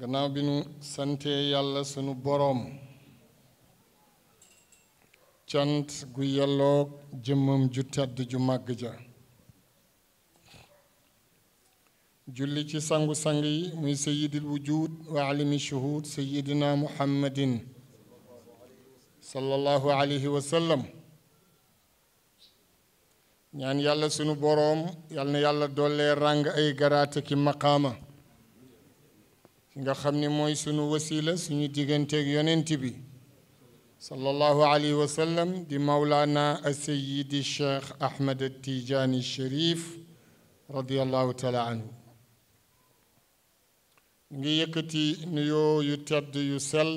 gannaaw bi nu sante yàlla sunu boroom cant gu yelloo jëmmam ju tedd ju màgg ja julli ci sangu-sang yi muy sayidil wujud wa alimi shuhud sayidina muhammadin sallallahu alayhi wa ñaan yàlla sunu boroom yal na yàlla doole ràng ay garaate ki maqaama nga xam ni mooy sunu wasila suñu digganteeg yonent bi sallallahu alayhi wa sallam di mawlaana di cheikh ahmed tijaani sharif radiallahu taala anhu ngi yëkkati nuyoo yu tedd yu sell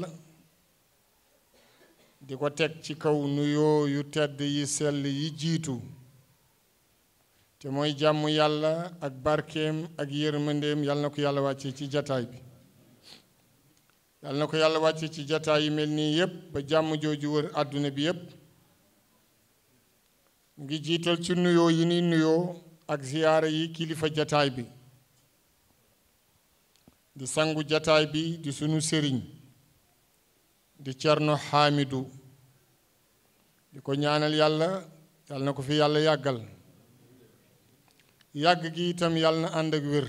di ko teg ci kaw nuyoo yu tedd yi sell yi jiitu te mooy jàmm yàlla ak barkeem ak yërmandeem yàlla na ko yàlla wàcce ci jataay bi yàlla na ko yàlla wàcce ci jataay yu mel nii yépp ba jàmm jooju wër àdduna bi yépp ngi jiital ci nuyoo yi ni nuyoo ak ziyaara yi kilifa jataay bi di sangu jataay bi di sunu sëriñ di cerno xaamidu di ko ñaanal yàlla yàlla na ko fi yàlla yàggal yàgg gi itam yàlla na ànd ak wér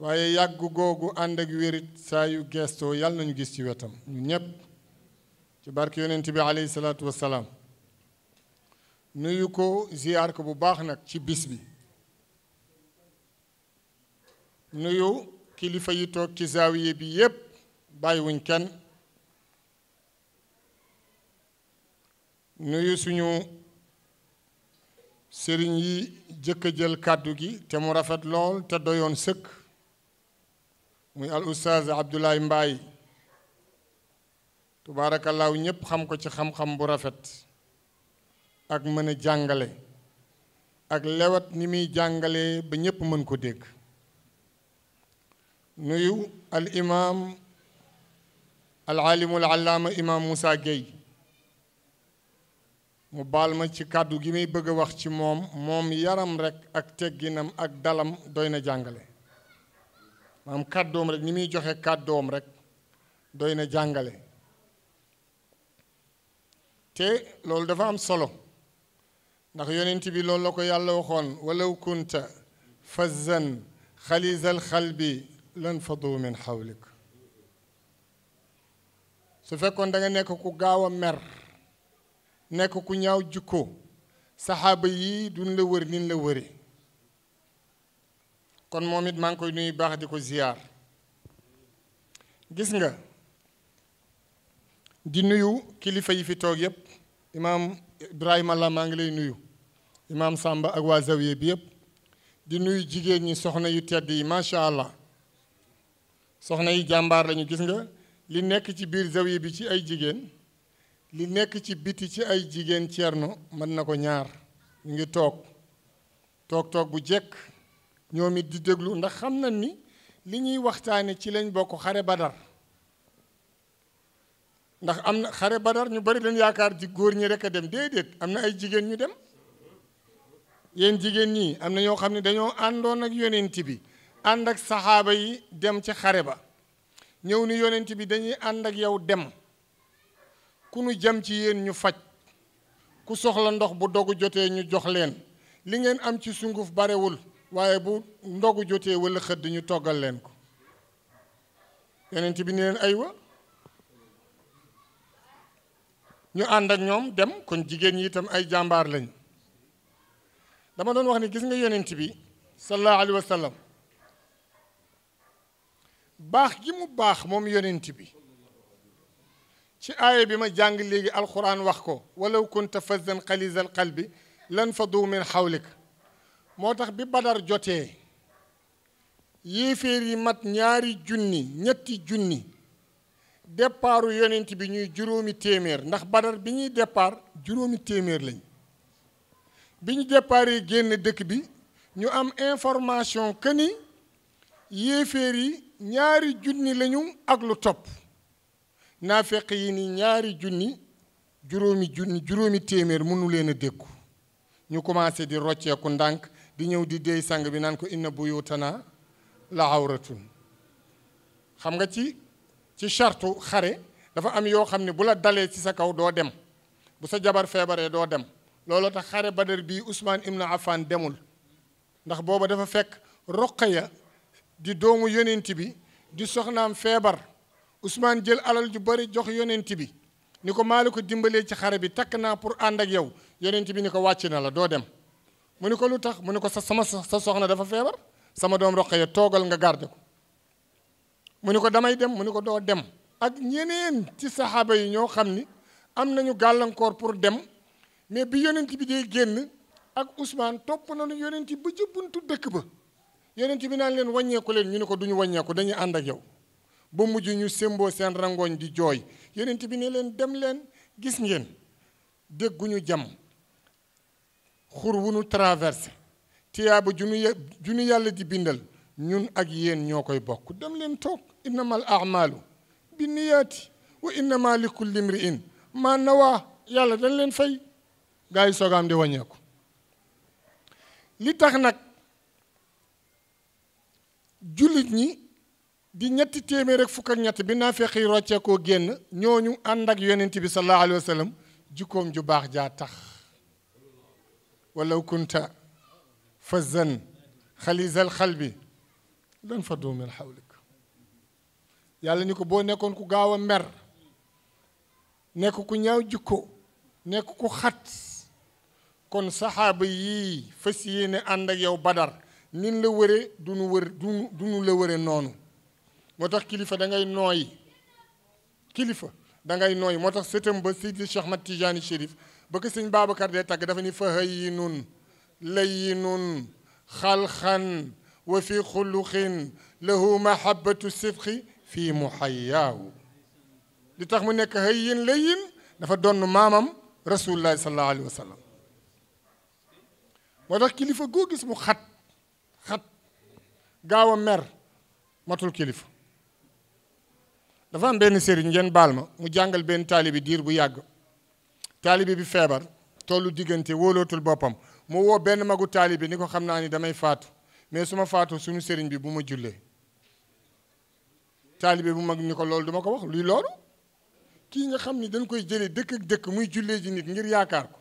waaye yàgg googu ànd ak wérit saa yu geestoo yàlla nañu gis ci wetam ñu ñépp ci barke yonent bi aleyhi salaatu wassalaam nuyu ko ziyaar ko bu baax nag ci bis bi nuyu kilifa yi toog ci zaawiye bi yépp bàyyiwuñ kenn nuyu suñu sëriñ yi jëkk a jël kàddu gi te mu rafet lool te doyoon sëkk موي الاستاذ عبد الله مباي تبارك الله نيب خام كو سي خام خام بو رافيت اك من جانغالي اك ليوات نيمي جانغالي با نيب من كو ديك نيو الامام العالم العلامه امام موسى جاي mu bal ma ci kaddu gi may bëgg wax ci moom moom yaram rek ak tegginam ak maanaam kàddoom rek ni muy joxe kàddoom rek doy na jàngale te loolu dafa am solo ndax yonent bi loolu la ko yàlla waxoon walaw kunta fazzan xaliisal xalbi lan fadu min xawlik su fekkoon danga nekk ku gaaw a mer nekk ku ñaaw jukko saxaaba yi duñ la wër niñ la wëri kon moom it maa ngi koy nuyu baax di ko ziyaar gis nga di nuyu kilifa yi fi toog yëpp imaam Ibrahima la maa ngi lay nuyu imaam sàmba ak waa zawiye bi yépp di nuyu jigéen ñi soxna yu tedd yi macha allah soxna yi jàmbaar lañu gis nga li nekk ci biir zawiye bi ci ay jigéen li nekk ci biti ci ay jigéen ceerno mën na ko ñaar ñu ngi toog toog toog bu jekk ñoom it di déglu ndax xam na ni li ñuy waxtaane ci lañ bokk xare badar ndax am na xare badar ñu bari leen yaakaar di góor ñi rekk a dem déedéet am na ay jigéen ñu dem yéen jigéen ñi am na ñoo xam ne dañoo àndoon ak yonent bi ànd ak saxaaba yi dem ci xare ba ñëw ni yonent bi dañuy ànd ak yow dem ku nu jam ci yéen ñu faj ku soxla ndox bu dogu jotee ñu jox leen li ngeen am ci sunguf barewul waaye bu ndogu jotee wala xëdd ñu toggal leen ko yeneen bi ni leen ay wa ñu ànd ak ñoom dem kon jigéen yi itam ay jàmbaar lañ dama doon wax ni gis nga yonent bi sallallahu alayhi wa sallam baax gi mu baax moom yonent bi ci aaya bi ma jàng léegi alquran wax ko walaw kunta fazzan xaliza alqalbi lan fadu min xawlik moo tax bi badar jotee yéeféer yi mat ñaari junni ñetti junni départu yonent bi ñuy juróomi téeméer ndax badar bi ñuy départ juróomi téeméer lañ bi ñu départee génn dëkk bi ñu am information que ni yéeféer yi ñaari junni lañu ak lu topp naafeq yi ni ñaari junni juróomi junni juróomi téeméer mënu leen a dékku ñu commencé di rocceeku ndànk di ñëw di déy sang bi naan ko na inna naa la awratun xam nga ci ci chartu xare dafa am yoo xam ne bu la dalee ci sa kaw doo dem bu sa jabar feebaree doo dem looloo tax xare badar bii Ousmane Ibn Affan demul ndax booba dafa fekk Roqaya di doomu yonent bi di soxnaam feebar Ousmane jël alal ju bari jox yonent bi ni ko maa la ko dimbalee ci xare bi takk naa pour ànd ak yow yonent bi ni ko wàcc na la doo dem mu ni ko lu tax mu ni ko sa sama sa soxna dafa feebar sama doom Roqaya toogal nga garde ko mu ni ko damay dem mu ni ko doo dem ak ñeneen ci saxaaba yi ñoo xam ni am nañu gàllankoor pour dem mais bi yonent bi dee génn ak Ousmane topp nañu yonent ba ci buntu dëkk ba yonent bi naan leen wàññeeku leen ñu ne ko duñu wàññeeku dañuy ànd ak yow ba mujj ñu sémboo seen rangooñ di jooy yonent bi ne leen dem leen gis ngeen dégguñu jam xur wu nu traversé tiyaaba junu junu yàlla di bindal ñun ak yéen ñoo koy bokk dem leen toog innama al amalu bi niyaati wa innama li kulli imri'in ma nawa yàlla dañ leen fay gaa yi soogaam di wàññeeku li tax nag jullit ñi di ñetti téeméer ak fukk ak ñett bi naa feqi rocceekoo génn ñooñu ànd ak yonent bi sallallahu alayhi wa jikkoom ju baax jaa tax ولو كنت فزا خليز القلب لانفضوا من حولك يا نيكو بو نيكون كو غاوا مر نيكو كو نياو جيكو نيكو كو خات كون صحابي فسيين اندك يو بدر نين لا وري دونو وري دونو لا وري نونو موتاخ كليفه داغي نوي كليفه dangay noy motax setem ba Sidi Cheikh mat tijani Chérif ba ke seigne Babacar dee tag dafa ni fa hayyinun layyinun xalxan wa fi khulukhin lahu mahabbatu sifqi fi muhayyaahu li tax mu nek hayyin layin dafa don mamam rasulullah sallallahu alaihi wasallam motax kilifa go gis mu khat khat gawa mer matul kilifa dafa am benn sëriñ ngeen baal ma mu jàngal benn taalibi diir bu yàgg taalibe bi feebar tollu diggante wóolootul boppam mu woo benn magu taalibi ni ko xam naa ni damay faatu mais su ma faatu suñu sëriñ bi bu ma jullee taalibi bu mag ni ko loolu duma ko wax luy loolu kii nga xam ni dañ koy jëlee dëkk ak dëkk muy jullee ji nit ngir yaakaar ko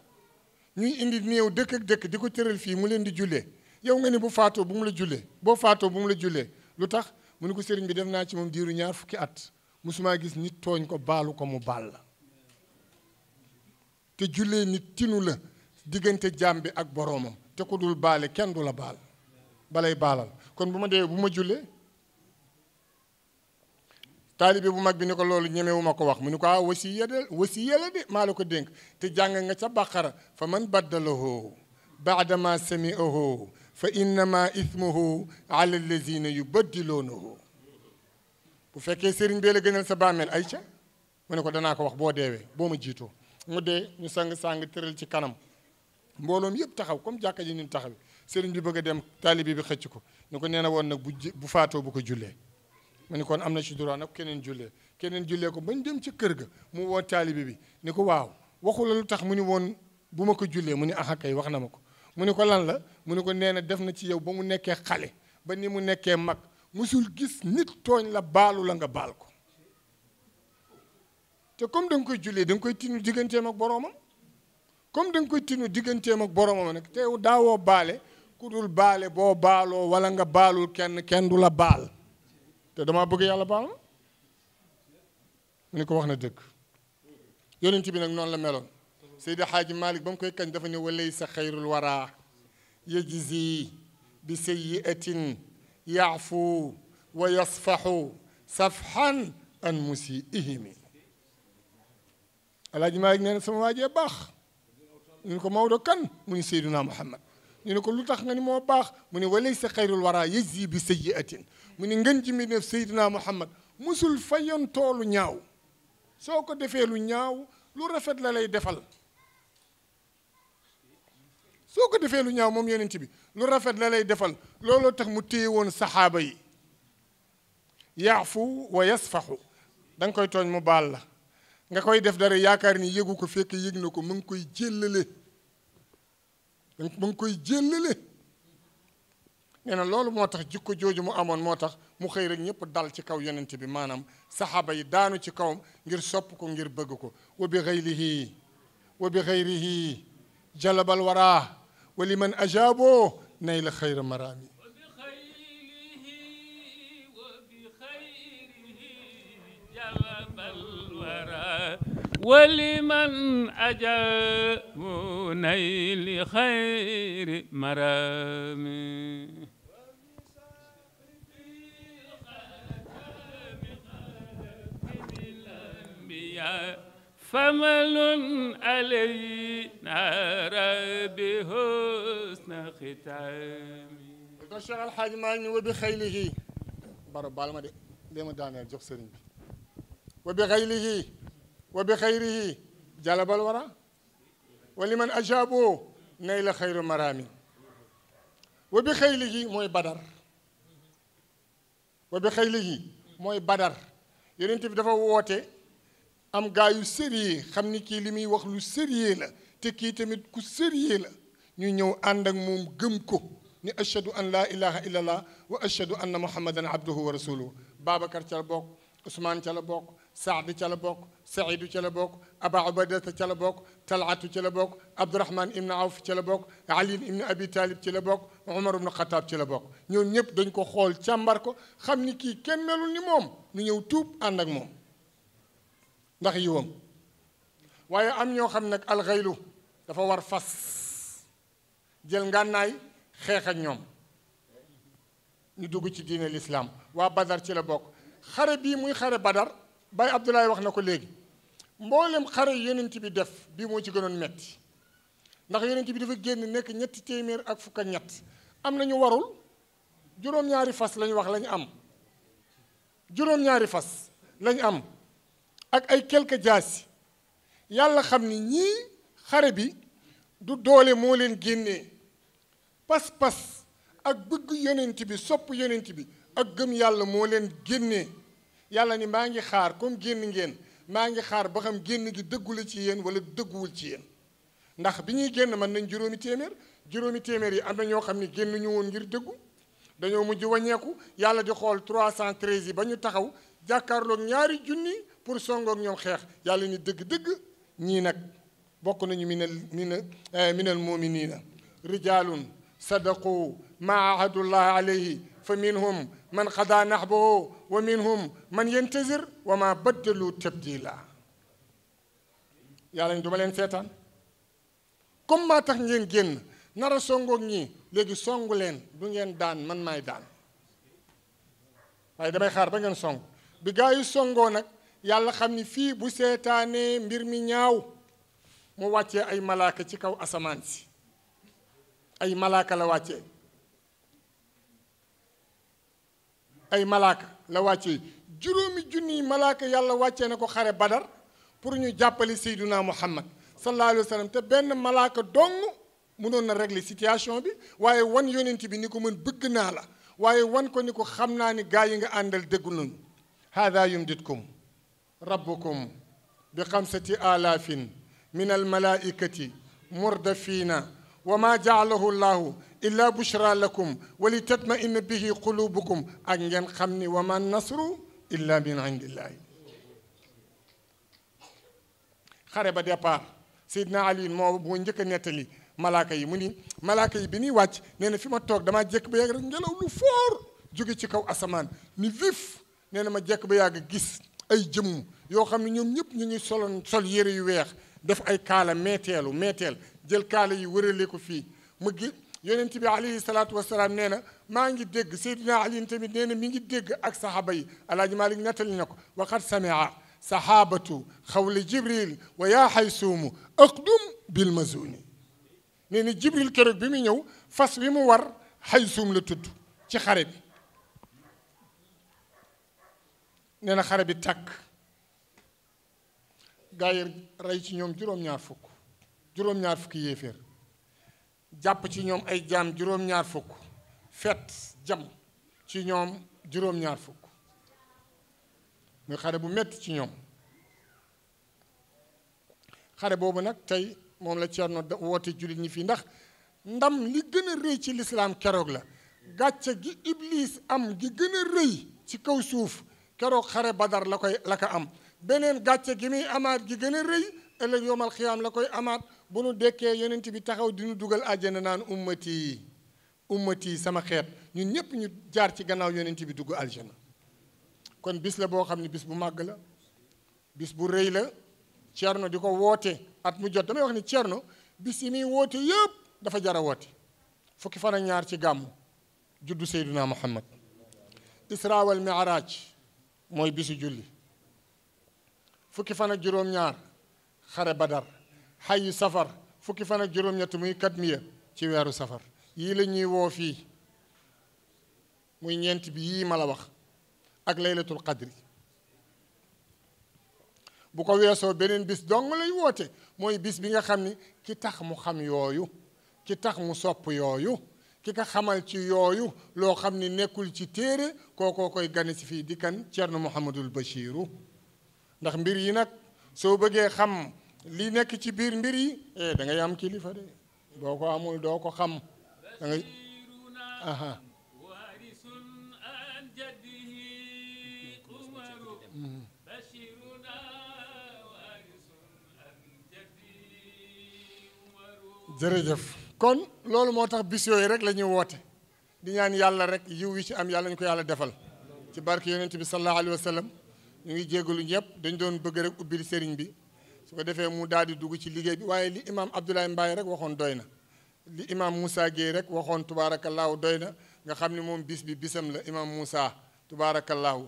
ñuy indi néew dëkk ak dëkk di ko tëral fii mu leen di jullee yow nga ni bu faatoo bu mu la jullee boo faatoo bu la jullee lu tax mu ne ko sëriñ bi def naa ci moom diiru fukki at musuma gis nit tooñ ko baalu ko mu baal la te jullee nit tinu la diggante jaam bi ak boroomam te ku dul baale kenn du la baal balay baalal kon bu ma dee bu ma jullee taalibe bu mag bi ni ko loolu ñemewu ko wax mu ni ko ah wasiya de wasiya la de maa la ko dénk te jàng nga ca bàqara fa man baddalahu baadama sami'ahu fa innama ithmuhu ala allazina yubaddiluunahu bu fekkee sëriñ bee la gënal sa bàmmeel ay ca mu ne ko danaa ko wax boo deewee boo ma jiitoo mu dee ñu sang-sang tëral ci kanam mbooloom yëpp taxaw comme jàkka ji ñun taxaw sëriñ bi bëgg a dem taalibi bi xëcc ko ni ko nee na woon nag bu bu faatoo bu ko jullee mu ne kon am na ci droit nag keneen jullee keneen jullee ko bañ dem ci kër ga mu woo taalibi bi ni ko waaw waxu la lu tax mu ni woon bu ma ko jullee mu ni aha kay wax na ma ko mu ni ko lan la mu ni ko nee na def na ci yow ba mu nekkee xale ba ni mu nekkee mag musul gis nit tooñ la baalu la nga baal ko te comme da koy jullee danga koy tinu digganteem ak boroomam comme danga koy tinu digganteem ak boroomam nag te daawoo baale ku dul baale boo baaloo walla nga baalul kenn kenn du la baal te dama bëgg yàlla baal ma mu ne ko wax na dëgg yonent bi nag noonu la meloon Seydi Xaaji Malik ba mu koy kañ dafa ne walay sa xayrul waraa yajzi bi sayyi'atin يعفو ويصفح صفحا عن مسيئهم الا جماع نين سمو واجي باخ نينكو مودو كان من سيدنا محمد نينكو لوتاخ ناني مو باخ من وليس خير الورى يجزي بسيئه من نغنجي من سيدنا محمد مسل فيون تولو نياو سوكو ديفه لو نياو لو رافيت لا لاي ديفال سوكو ديفه لو نياو موم يونتي بي لو رافيت لا لاي ديفال looloo tax ون téye woon saxaaba yi yaafu wa yasfaxu da nga koy def dara yaakaar ni yëgu ko fekk yëg na ko mu ngi koy jéllale mu ngi koy jéllale nee na loolu moo tax jikko jooju mu amoon moo tax mu xëy rek ñëpp dal ci kaw yonent bi maanaam saxaaba yi daanu ci kawam ngir sopp ko ngir bëgg ko wa bi xayrihi wa bi xayrihi jalabal waraa wa liman ajaaboo nay la xayra ولمن أجل نيل خير مرامي فمل علينا ربي حسن ختامي بشر الحاج مالني وبخيله برب بالما دي ديما دانيال جوخ سيرين وبخيله وبخيره جلب الورى ولمن أجابه نيل خير مرامي وبخيله موي بدر وبخيله موي بدر yonent bi dafa woote am gaa yu sérieux xam ni kii li muy wax lu sérieux la te kii tamit ku sérieux la ñu ñëw ànd ak moom gëm ko ni ashhadu an laa ilaha illallah wa ashhadu anna muhammadan abduhu wa rasuluhu Babacar ca la bokk Ousmane ca la bokk saadu ca la bokk saidu ca la bokk aba ubadata ca la bokk talatu ca la bokk abdurahman ibn awf ca la bokk ali ibn abi talib ci la bokk omar ibn xataab ci la bokk ñoom ñëpp dañ ko xool càmbar ko xam ni kii kenn melul ni moom ñu ñëw tuub ànd ak moom ndax yiwam waaye am ñoo xam nag alxaylu dafa war fas jël ngànnaay xeex ak ñoom ñu dugg ci diine lislaam waa badar ci la bokk xare bii muy xare badar Baye Abdoulaye wax na ko léegi mboolem xare yonent bi def bii moo ci gënoon metti ndax yonent bi dafa génn nekk ñetti téeméer ak fukk ak ñett am na ñu warul juróom-ñaari fas lañu wax lañu am juróom-ñaari fas lañu am ak ay quelques jaasi yàlla xam ni ñii xare bi du doole moo leen génnee pas-pas ak bëgg yonent bi sopp yonent bi ak gëm yàlla moo leen génnee yàlla ni maa ngi xaar comme génn ngeen maa ngi xaar ba xam génn gi dëggu ci yéen wala dëgguwul ci yéen ndax bi ñuy génn mën nañ juróomi téeméer juróomi téeméer yi am na ñoo xam ne génn ñu woon ngir dëggu dañoo mujj wàññeeku yàlla di xool trois cent 313 yi ba ñu taxaw jàkkaarloog ñaari junni pour songoog ñoom xeex yàlla ni dëgg-dëgg ñii nag bokk nañu minal mina minal eh, muminina rijalun sadaqu ma ahadullah alayhi فمنهم من قضى نحبه ومنهم من ينتظر وما بدلوا تبديلا يا لين دوما لين سيتان كوم ما تخ نين ген نارا سونغو ني لغي سونغو لين دو نين دان من ماي دان واي داماي خار با نين سونغ بي غاي سونغو نك يالا خامني في بو سيتاني مير مي نياو مو واتي اي ملائكه سي كاو اسمان سي اي ملائكه لا واتي ay malaka la wàcce juróomi junni malaka yàlla wacce nako xare badar pour ñu jappali sayyiduna muhammad sallallahu alayhi wasallam te ben malaka dong mënon na régler situation bi waye wan yonent bi niko mën bëgg na la waye wan ko niko xamna ni gaay nga àndal déggu nañu hada yumditkum rabbukum bi khamsati alafin min malaikati murdafina وما جعله الله إلا بشرى لكم ولتطمئن به قلوبكم أن ينخمني وما النصر إلا من عند الله خرب ديابار سيدنا علي مو بو نجيك نيتلي ملاكي مني ملاكي بني واج نينا فيما توك دما جيك بياغ نجلو لو فور جوغي تي كاو اسمان ني فيف نينا ما جيك بياغ غيس اي جيم يو خامي نيوم نييب ني ني سولون سول ييري يو ويخ داف اي كالا ميتيلو ميتيل جيل كالا يي ورليكو في مغي yonent bi alayhi salaatu wasalaam nee na maa ngi dégg Seydina Ali tamit nee na mi ngi dégg ak saxaaba yi alaaji Maalik nettali na ko waqad samia saxaabatu xawla jibril wa yaa xaysuumu aqdum bil mazuni nee na jibril keroog bi mu ñëw fas wi mu war xaysuum la tudd ci xare bi nee na xare bi tàkk gaa yi rey ci ñoom juróom-ñaar fukk juróom-ñaar fukki yéeféer jàpp ci ñoom ay jaam juróom-ñaar fukk fet jam ci ñoom juróom-ñaar fukk muy xare bu metti ci ñoom xare boobu nag tey moom la Cerno woote jullit ñi fii ndax ndam li gën a rëy ci lislaam keroog la gàcce gi iblis am gi gën a rëy ci kaw suuf keroog xare badar la koy la ko am beneen gàcce gi muy amaat gi gën a rëy ëllëg yoomal xiyaam la koy amaat bu nu dekkee yonent bi taxaw di nu dugal àjjana naan ummati yi ummati sama xeet ñun ñépp ñu jaar ci gannaaw yonent bi dugg aljana kon bis la boo xam ne bis bu màgg la bis bu rëy la Thierno di ko woote at mu jot damay wax ni Thierno bis yi muy woote yépp dafa jara woote fukki fan ñaar ci gàmmu juddu Seyduna Muhammad Isra wal Mi'raj mooy bisu julli fukki fan ak juróom-ñaar xare Badar xay safar fukki fan ak juróom-ñett muy katmiya ci weeru safar yii lañuy ñuy woo fii muy ñeent bi yii ma la wax ak laylatul qadri bu ko weesoo beneen bis dong lay woote mooy bis bi nga xam ni ki tax mu xam yooyu ki tax mu sopp yooyu ki ko xamal ci yooyu loo xam ni nekkul ci téere kookoo koy gane si fii dikkan kan Cerno Muhammadul Bachiru ndax mbir yi nag soo bëggee xam li nek ci bir mbir yi eh da nga am kilifa de boko amul do ko xam da nga aha jërëjëf kon loolu motax bis yoy rek lañu wote di ñaan yalla rek yu wi ci am yalla ñu ko yalla defal ci barke yenenbi sallallahu alaihi wasallam sallam ñu ngi jégalu dañ doon bëgg rek ubbil sëriñ bi su ko defee mu daal di dugg ci liggéey bi waaye li imam Abdoulaye Mbaye rek waxoon doy na li imam Moussa Gueye rek waxoon tubaarakallaahu doy na nga xam ne moom bis bi bisam la imam Moussa tubaarakallaahu